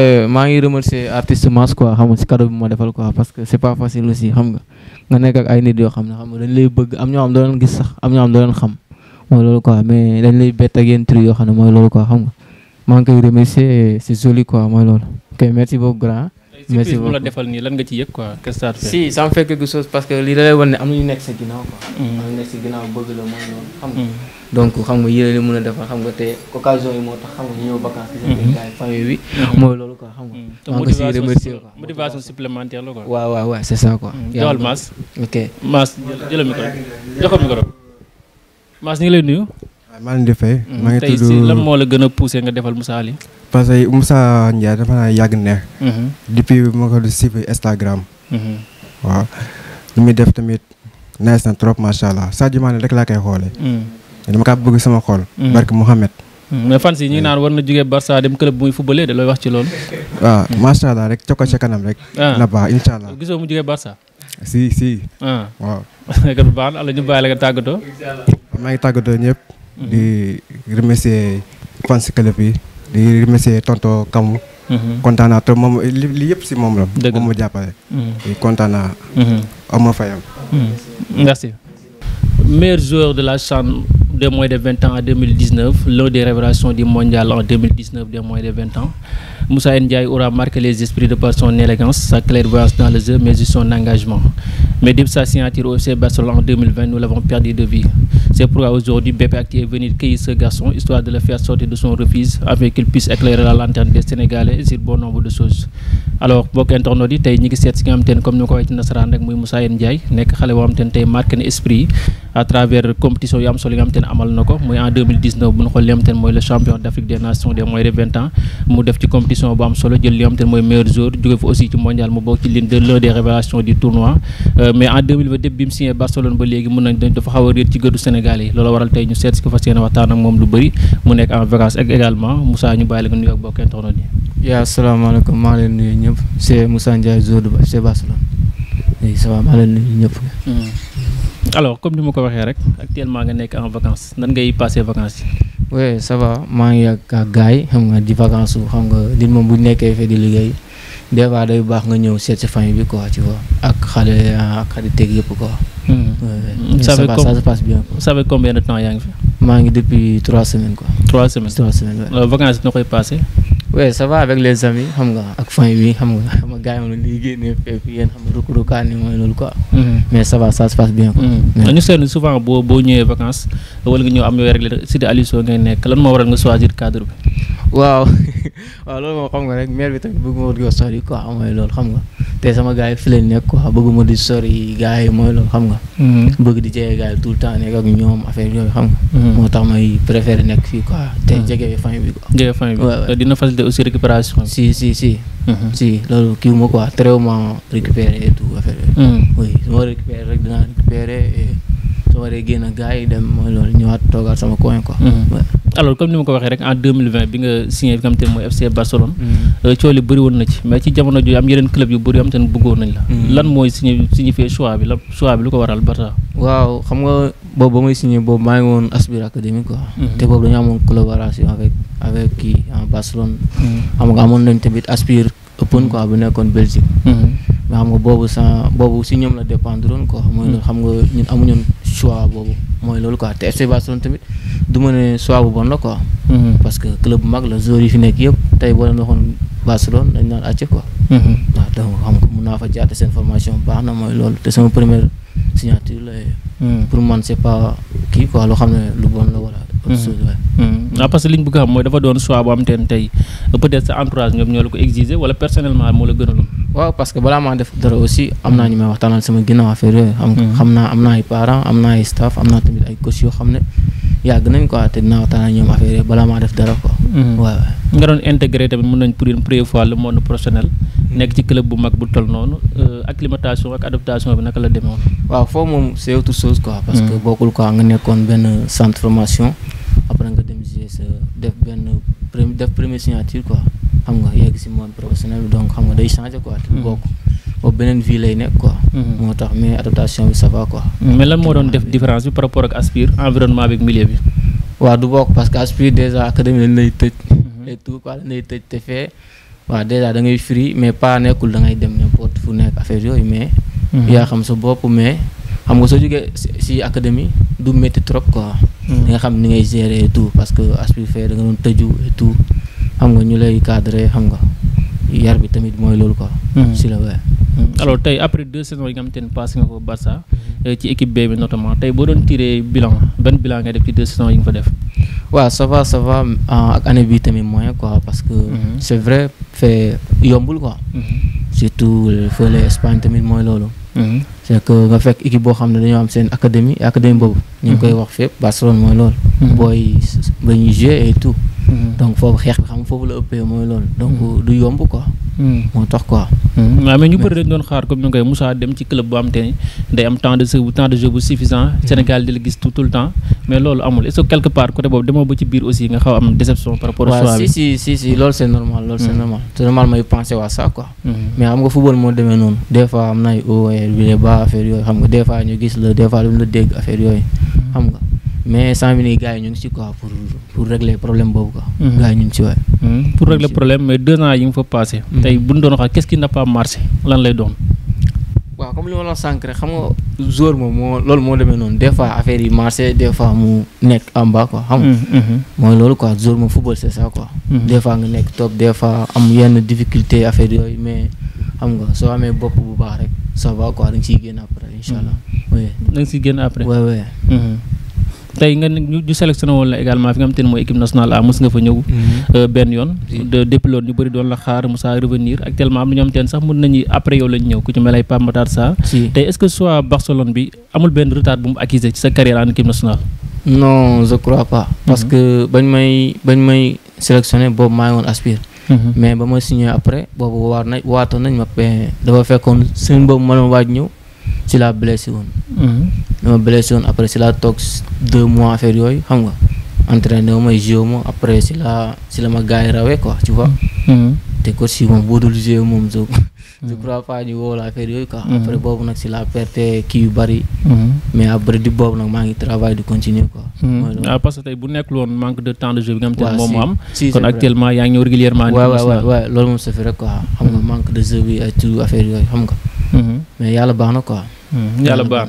Eh, maa ngi remercier artiste Mass quoi xam si cadeau bi ma defal quoi parce que c'est pas facile aussi xam nga nga nekk ak ay nit yoo xam ne xam dañ lay bëgg am ñoo xam gis sax am ñoo xam xam mooy loolu quoi mais dañ lay bett ak yenn truc xam ne mooy loolu quoi xam nga maa ngi koy remercier c'est joli quoi mooy loolu ok merci beaucoup grand merci beaucoup mu la defal nii lan nga ci yëg quoi. si ça me fait quelque chose parce que lii da lay am na ñu nekk sa ginnaaw quoi. Mm. am na ñu nekk sa ginnaaw bëgg la mooy loolu xam nga. Mm. donc xam nga xam nga te occasion yi moo tax xam nga ñëw vacances. Mm-hmm. yi famille bi mm-hmm. mooy loolu quoi xam nga. Mm. maa ngi siy remercier quoi motivation supplémentaire la quoi. waaw waaw waaw c'est Mass. ok Mass jëlal micro joxal Mass ñu lay nuyu. maa leen di fay. moo la gën a poussé nga parce que Moussa Ndiaye dafa naa yàgg neex. Mhm. depuis ma ko di suivre Instagram. Mhm. waaw lu muy def tamit neex na trop macha allah Sadio Mané rek laa koy xoolee. Mhm. dama kaa bëgg sama xool barke Mouhamed. mais fan si ñu naan war na jógee Barça dem club bu muy footballé da looy wax ci loolu. waaw kanam rek. Ah. baax incha allah gisoo mu jógee si si. Ah. waaw. léegi bu baax maa ngi tàggatoo ñëpp. di remercier fans club yi. di remercier tonton Kamou. Mhm. kontaan naa trop moom li yëpp si moom la. dëgg la moom mu jàppale. Mhm. kontaan mhm. fayam. merci. meilleur joueur de la chambre. des moins de 20 ans en 2019, l'un des révélations du mondial en 2019 des de ans. Moussa Ndiaye aura marqué les esprits de par son élégance, sa clairvoyance dans le jeu, mais aussi son engagement. Mais depuis sa signature au FC Barcelone en nous l'avons perdu de vue. C'est pourquoi aujourd'hui, BP Acti venu cueillir ce garçon, histoire de le faire sortir de son refuge, afin qu'il puisse éclairer la lanterne des Sénégalais sur bon nombre de choses. alors bokk internautes yi tey ñi ngi seet si nga xam te ne comme ni ma ko waxee nasaraan rek muy Moussa Yène nekk xale boo xam te tey marqué na esprit yi à compétition yu am solo yi nga xam amal na ko muy en bu ñu xool li nga xam mooy le champion d' Afrique des nations de 20 ans mu def ci compétition bu am solo jël li nga xam mooy meilleur joueur jóge fa aussi ci mondial mu bokk ci l'une de l'un des révélations du tournoi euh, mais en Barcelone ba a réer ci gëddu yaa asalaamaaleykum maa leen nuyu ñëpp c'est Moussa Ndiaye Zodou Ba c'est Barcelone oui ñëpp. Hmm. alors comme ni ma ko waxee rek actuellement nga nekk en vacances nan ngay passer vacances yi. oui ça maa ngi ak ak gars yi xam nga di vacances bu xam nga nit moom bu nekkee fee di liggéey des fois day baax nga ñëw seet si famille bi quoi tu ak xale ak xarit teg yëpp quoi. Hmm. Hmm. ça va ça se passe bien. ça fait combien yaa ngi fi. maa ngi depuis trois semaines quoi. trois semaines trois semaines waaw. Euh, vacances koy passé. oui ça va avec les amis xam nga ak fin bi xam nga xam nga gars ma lii génnee fépp yéen xam nga rukk-rukkaan ni mm-hmm. mm-hmm. nga ñëw am yooyu rek si di Aliou Sow nekk ko bëgguma di sori gars yi mooy loolu xam nga. Mm-hmm. bëgg di jege gars tout le temps nekk ak ñoom affaire yooyu xam nga. moo tax may préféré nekk fii quoi te jege famille bi quoi. dina facilité de aussi récupération si si si uh-huh. si loolu kii ma quoi très récupéré et tout affaire ma récupéré rek dinaa récupéré su waree génn gars yi dem mooy loolu ñëwaat toogaat sama coin quoi. Hmm. alors comme ni ma ko waxee rek en deux mille vingt bi nga signé bi nga xam te hmm. euh, am te ne hmm. lan mooy signé signifié choix bi lu ko waral Barça. waaw xam nga boobu ba may signé boobu maa ngi woon Aspire Académie quoi. te boobu dañu amoon collaboration avec avec en Barcelone. xam nga amoon nañ tamit Aspire Open quoi bu nekkoon Belgique. ma xam nga boobu sa boobu si ñoom la dépendre woon quoi. mooy loolu mm. xam nga ñun amuñoon choix boobu mooy loolu quoi te FC Barcelone tamit du ma ne choix bu bon la quoi. Mm-hmm. yi fi nekk yëpp tey boo leen waxoon Barcelone mm-hmm. xam nga mun naa fa jaate seen formation baax na mooy loolu te sama première signature la. Mm. pour man c'est pas kii quoi xam ne lu bon la wala. Mm-hmm. waaw ah, parce que li ñu a xam mooy dafa doon choix bu am teen tey peut-être sa la ko exiger wala personnellement moo la gënaloon. waaw parce que balaa maa def dara aussi am naa ñu may waxtaanal sama ginnaaw affaire yooyu. xam nga hmm. xam naa am na ay parents am na ay staff am naa tamit ay coach yoo xam ne yàgg nañ ko te dinaa waxtaan ñoom affaire yooyu balaa maa def dara quoi. waaw hmm. nga doon intégré tamit mun nañ pour une première fois le professionnel. Hmm. nekk ci club bu mag bu toll noonu euh, acclimatation ak adaptation bi naka la demoon. waaw foo moom c'est autre chose quoi. parce que bokkul quoi nga nekkoon benn centre formation après nga dem e, def benn def première signature quoi. xam nga yegg si monde professionnel donc xam nga day changé quoi. te hmm. bokk beneen vie lay nekk quoi. Hmm. moo tax mais adaptation bi ça va hmm, mais lan moo doon def différence bi par rapport ak aspire environnement bi ak milieu bi. waaw du bokk parce que aspire déjà académie lañ lay tëj. te fee. waaw déjà da ngay free mais pas nekkul da ngay dem n'importe fu nekk affaire yooyu mais. yaa xam sa bopp mais. xam nga soo jógee si académie du métti trop quoi. nga xam ni ngay gérer xam nga ñu lay cadré xam nga yar bi tamit mooy loolu quoi. Hmm. si la waaye. Hmm. alors tey après deux saisons yi nga xamante ne passé nga ko Barça hmm. eh, ci équipe B bi notamment tey boo doon tiré bilan ban bilan ngay def ci deux saisons yi nga fa def. waaw ça va ah, ak année bi tamit moyen quoi parce que. c' vrai fait yombul quoi. surtout fële Espagne tamit mooy loolu. c' que nga fekk équipe boo xam ne dañoo am seen académie académie boobu. ñu ngi koy wax fépp Barcelone Mm. donc foofu xeex bi xam nga football moo demee noonu. des am na ay hauts et des affaire yooyu xam nga des ñu gis la des lu mu la dégg affaire yooyu mm. xam nga. mais sant bi nii yi ñu ngi si quoi pour pour régler problème boobu quoi. Mm-hmm. gars yi ñu ngi si waay. Mm-hmm. pour régler problème mais deux ans yi nga fa passé. Mm-hmm. tey bu ñu doon wax qu'est-ce qui n'a xam nga jour moom moo loolu moo demee noonu des fois affaire yi marché des fois nekk en bas loolu quoi jour moom des fois nga nekk top des fois am yenn difficulté affaire yooyu mais xam nga soo amee bopp bu baax rek ça va quoi a nga siy génn après incha allah. da nga siy génn après. tey nga ñu sélectionné woon la également fi nga xam te ne mooy équipe nationale A mës nga fa ñëw mm-hmm. euh, benn yoon de depuis loolu ñu bëri doon la xaar Moussa revenir actuellement am na ñoom teen sax mën nañu après yow lañ ñëw ci mm-hmm. mm-hmm. ma signé après boobu waar nañ waatoon nañ ma dafa fekkoon seen ma doon waaj ñëw ci laa blessé woon dama blessé woon après si laa toog deux mois affaire yooyu xam nga entraîné wu may joué ma après si la ma gars yi rawee ko tu vois. Mm-hmm. te ko si moom boo dul joué moom je mm-hmm. je crois pas ñu woo la affaire yooyu quoi. Mm-hmm. si la perte kii yu bëri. mais après di boobu maa ngi travail di continuer quoi. ah que bu nekkul woon manque de xam te ne moom am. kon yaa ngi ñëw régulièrement. waaw waaw waaw loolu moom c'est vrai quoi. xam nga mais yàlla baax na quoi. yàlla baax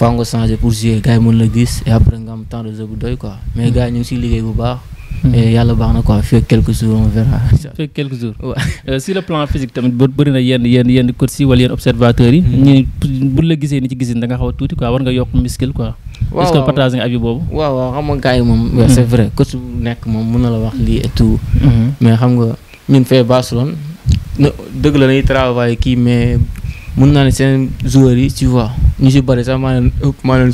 faa nga changé pour jouer gars yi la gis après nga am temps de jeu bu doy quoi mais hmm. gars ñu ngi liggéey bu baax. Hmm. et yàlla baax na quoi fii quelques jours on verra. fii quelques jours waaw. Euh, sur le plan physique tamit bëri na yenn yenn yenn coach yenn observateurs yi. Hmm. ñu bu la gisee ni ci gisin da xaw a tuuti quoi war nga yokk muscle quoi. waaw est-ce xam nga gars yi moom. c'est vrai coach nekk moom mën na la wax lii mais xam nga ñun fee Barcelone. dëgg la mun naa ne seen joueurs yi tu vois ñu si bëri sax maa leen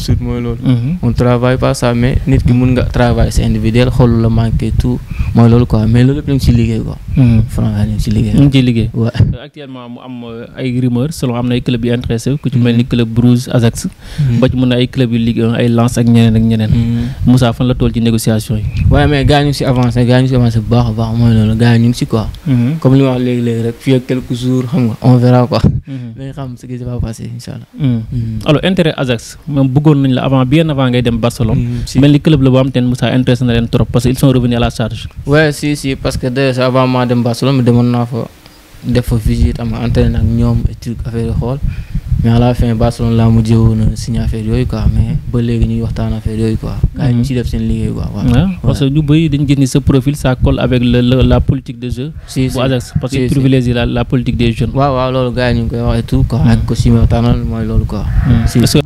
suut mooy loolu. Mhm. on travaille pas mais nit ki mun nga travail c'est individuel xool la manqué tout mooy loolu quoi mais loolu yëpp mhm. euh, euh, am na ay club yu intéressé ku ci mel ni mhm. club Bruges Ajax. ba mun na ay club yu Ligue ay Lens ak ñeneen ak ñeneen. Moussa fan la toll ci négociation yi. waaye mais gars ñu si avancé gars ñu si avancé bu baax a baax mooy loolu gars ñu si quoi. comme li ma léegi léegi rek fii ngay xam ce qui va passer incha allah. Hmm. Hmm. alors Ajax moom bëggoon nañ la avant bien avant ngay dem Barcelone. Hmm, mel ni club la boo xam te ne Moussa na leen trop parce que ils sont revenus à la charge. ouais si si parce que déjà avant maa dem Barcelone demoon naa fa def fa visite am entraîné ak ñoom et truc affaire yi mais à la fin Barcelone laa mujjee woon signé affaire yooyu quoi mais ba léegi ñuy waxtaan affaire yooyu quoi. gars yi ñu ciy def seen liggéey quoi. parce que ñu dañu gis ni sa profil ça colle avec la politique de jeu. si bu parce que privilégié la la politique des jeunes. waaw waaw loolu gars yi ñu koy wax tout quoi. ak ko si ma mooy loolu quoi.